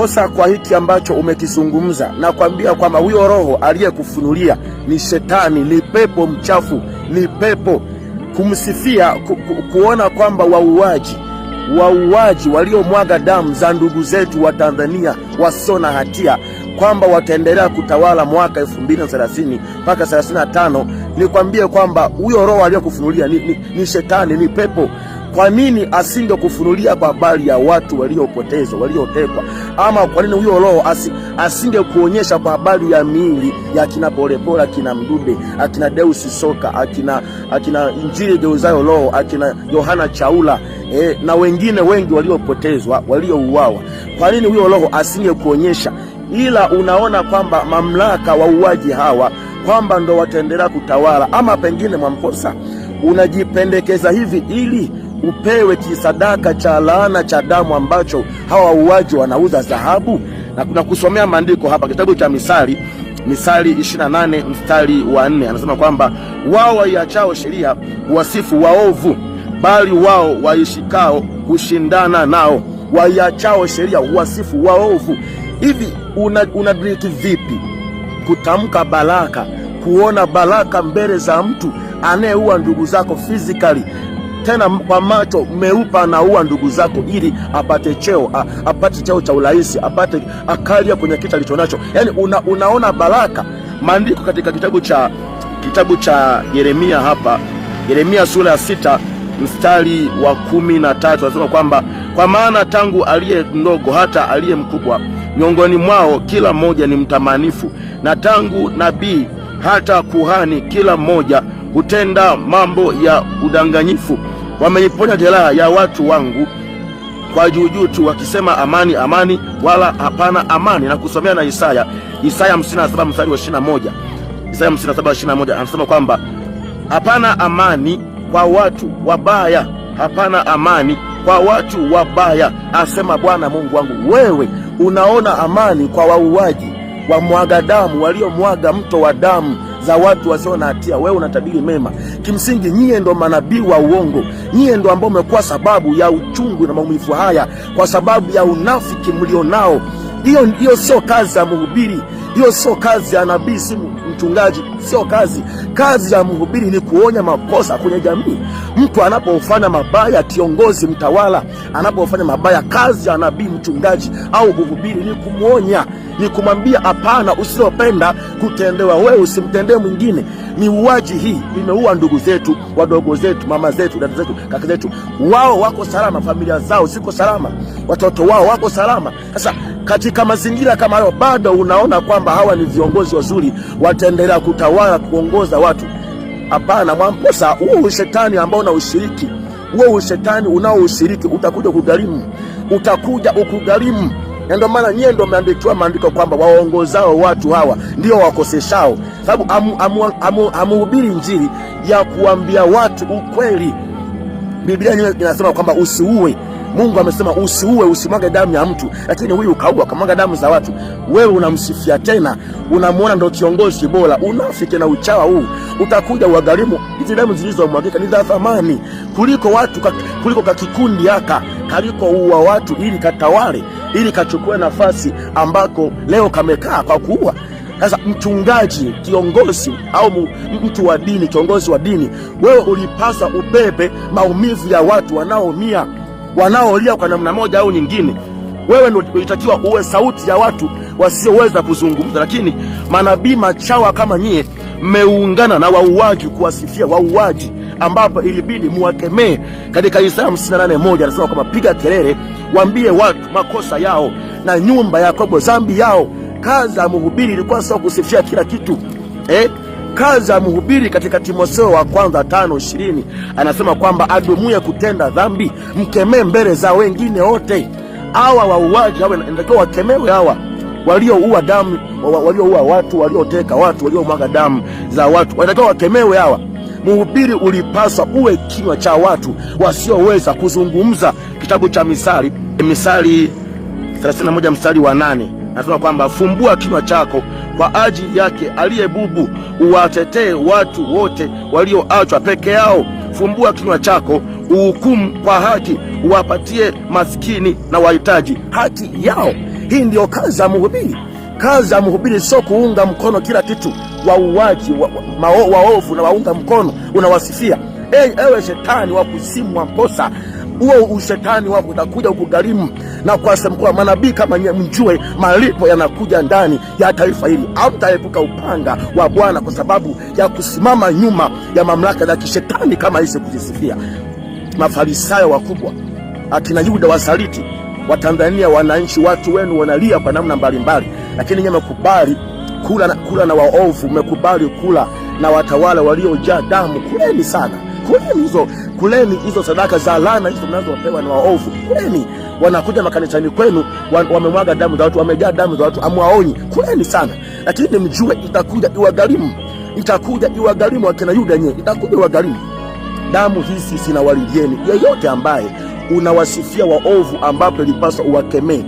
kosa kwa hiki ambacho umekizungumza. Nakwambia kwamba huyo roho aliyekufunulia ni shetani, ni pepo mchafu, ni pepo kumsifia ku, ku, kuona kwamba wauaji wauaji waliomwaga damu za ndugu zetu wa Tanzania wasio na hatia kwamba wataendelea kutawala mwaka 2030 mpaka 35. Nikwambie kwamba huyo roho aliyekufunulia ni, ni, ni shetani, ni pepo kwa nini asingekufunulia kwa habari ya watu waliopotezwa, waliotekwa? Ama kwa nini huyo Roho asingekuonyesha kwa habari ya miili ya kina Polepole, akina Mdude, akina Deus Soka, akina akina Injili Geuzayo Roho, akina Yohana Chaula e, na wengine wengi waliopotezwa, waliouawa? Kwa nini huyo Roho asingekuonyesha? Ila unaona kwamba mamlaka wauaji hawa kwamba ndo wataendelea kutawala, ama pengine Mwamposa unajipendekeza hivi ili upewe kisadaka cha laana cha damu ambacho hawa wauaji wanauza dhahabu? Na kuna kusomea maandiko hapa kitabu cha Misali, Misali 28 mstari wa 4 anasema kwamba wao waiachao sheria wasifu waovu, bali wao waishikao kushindana nao. Waiachao sheria wasifu waovu. Hivi unadiriki una vipi kutamka baraka, kuona baraka mbele za mtu anayeua ndugu zako physically tena kwa macho meupa anaua ndugu zako ili apate cheo a, apate cheo cha urais apate akalia kwenye kiti alichonacho. Yani una, unaona baraka. Maandiko katika kitabu cha kitabu cha Yeremia hapa, Yeremia sura ya sita mstari wa kumi na tatu anasema kwamba kwa maana tangu aliye mdogo hata aliye mkubwa miongoni mwao kila mmoja ni mtamanifu, na tangu nabii hata kuhani kila mmoja hutenda mambo ya udanganyifu wameiponya jeraha ya watu wangu kwa juujuu tu, wakisema amani, amani, wala hapana amani. Na kusomea na Isaya, Isaya 57 mstari wa 21, Isaya 57 21, anasema kwamba hapana amani kwa watu wabaya, hapana amani kwa watu wabaya, asema Bwana Mungu wangu. Wewe unaona amani kwa wauaji wa mwaga damu, waliomwaga mto wa damu za watu wasio na hatia, wewe unatabiri mema. Kimsingi nyie ndo manabii wa uongo, nyie ndo ambao mmekuwa sababu ya uchungu na maumivu haya kwa sababu ya unafiki mlionao. Hiyo hiyo sio kazi ya mhubiri. Hiyo sio kazi ya nabii, si mchungaji, sio kazi. Kazi ya mhubiri ni kuonya makosa kwenye jamii. Mtu anapofanya mabaya, kiongozi, mtawala anapofanya mabaya, kazi ya nabii, mchungaji au mhubiri ni kumwonya, ni kumwambia hapana, usiopenda kutendewa wewe usimtendee mwingine. Ni uwaji, hii imeua ndugu zetu, wadogo zetu, mama zetu, dada zetu, kaka zetu. Wao wako salama, familia zao ziko salama, watoto wao wako salama. Sasa katika mazingira kama hayo, bado unaona kwamba hawa ni viongozi wazuri, wataendelea kutawala, kuongoza watu? Hapana Mwamposa, huo ushetani ambao unaushiriki, huo ushetani unaoushiriki utakuja kugharimu, utakuja ukugharimu. Na ndio maana nyie ndio mmeandikiwa maandiko kwamba waongozao watu hawa ndio wakoseshao, sababu amuhubiri njiri ya kuambia watu ukweli. Biblia yenyewe inasema kwamba usiue. Mungu amesema usiue, usimwage damu ya mtu, lakini huyu ukaua ukamwaga damu za watu. Wewe unamsifia tena, unamwona ndo kiongozi bora. Unafiki na uchawa huu utakuja uwagharimu. Hizi damu zilizomwagika ni za thamani kuliko watu, kuliko kakikundi haka kaliko uwa watu ili katawale, ili kachukue nafasi ambako leo kamekaa kwa kuua. Sasa mchungaji, kiongozi au mtu wa dini, kiongozi wa dini, wewe ulipasa ubebe maumivu ya watu wanaoumia wanaolia kwa namna moja au nyingine. Wewe ndio unatakiwa uwe sauti ya watu wasioweza kuzungumza, lakini manabii machawa kama nyie mmeungana na wauaji kuwasifia wauaji, ambapo ilibidi muwakemee. Katika Isaya 58:1 anasema kwamba piga kelele, waambie watu makosa yao na nyumba ya Yakobo dhambi yao. Kazi ya mhubiri ilikuwa sio kusifia kila kitu eh? kazi ya mhubiri katika Timotheo wa kwanza tano ishirini anasema kwamba adumuye kutenda dhambi mkemee mbele za wengine wote. Hawa wauaji hawa inatakiwa wakemewe, hawa walioua damu, walioua watu, walioteka watu, waliomwaga damu za watu, wanatakiwa wakemewe hawa. Mhubiri ulipaswa uwe kinywa cha watu wasioweza kuzungumza. Kitabu cha Misali, Misali 31 mstari wa nane Nasema kwamba fumbua kinywa chako kwa ajili yake aliye bubu, uwatetee watu wote walioachwa peke yao. Fumbua kinywa chako uhukumu kwa haki, uwapatie masikini na wahitaji haki yao. Hii ndiyo kazi ya mhubiri. Kazi ya mhubiri sio kuunga mkono kila kitu, wauaji wa, wa, waovu na waunga mkono, unawasifia. Hey, ewe shetani wa kuzimu wa mposa huo ushetani wako utakuja kugharimu na kuwasemkoa manabii kama nyie mjue, malipo yanakuja ndani ya taifa hili. Hamtaepuka upanga wa Bwana kwa sababu ya kusimama nyuma ya mamlaka za kishetani kama hizi kujisifia Mafarisayo wakubwa, akina Yuda wasaliti wa Tanzania, wananchi, watu wenu wanalia kwa namna mbalimbali, lakini nyie mmekubali kula na, kula na waovu, mmekubali kula na watawala waliojaa damu. Kuleni sana kuleni hizo, kuleni hizo sadaka za laana hizo mnazopewa na waovu. Kuleni, wanakuja makanisani kwenu wamemwaga damu za watu, wamejaa damu za watu, amwaonyi. Kuleni sana, lakini mjue itakuja iwagharimu, itakuja iwagharimu akina Yuda yenyewe, itakuja iwagharimu. Damu hizi zinawalilieni. Yeyote ambaye unawasifia waovu ambapo ilipaswa uwakemee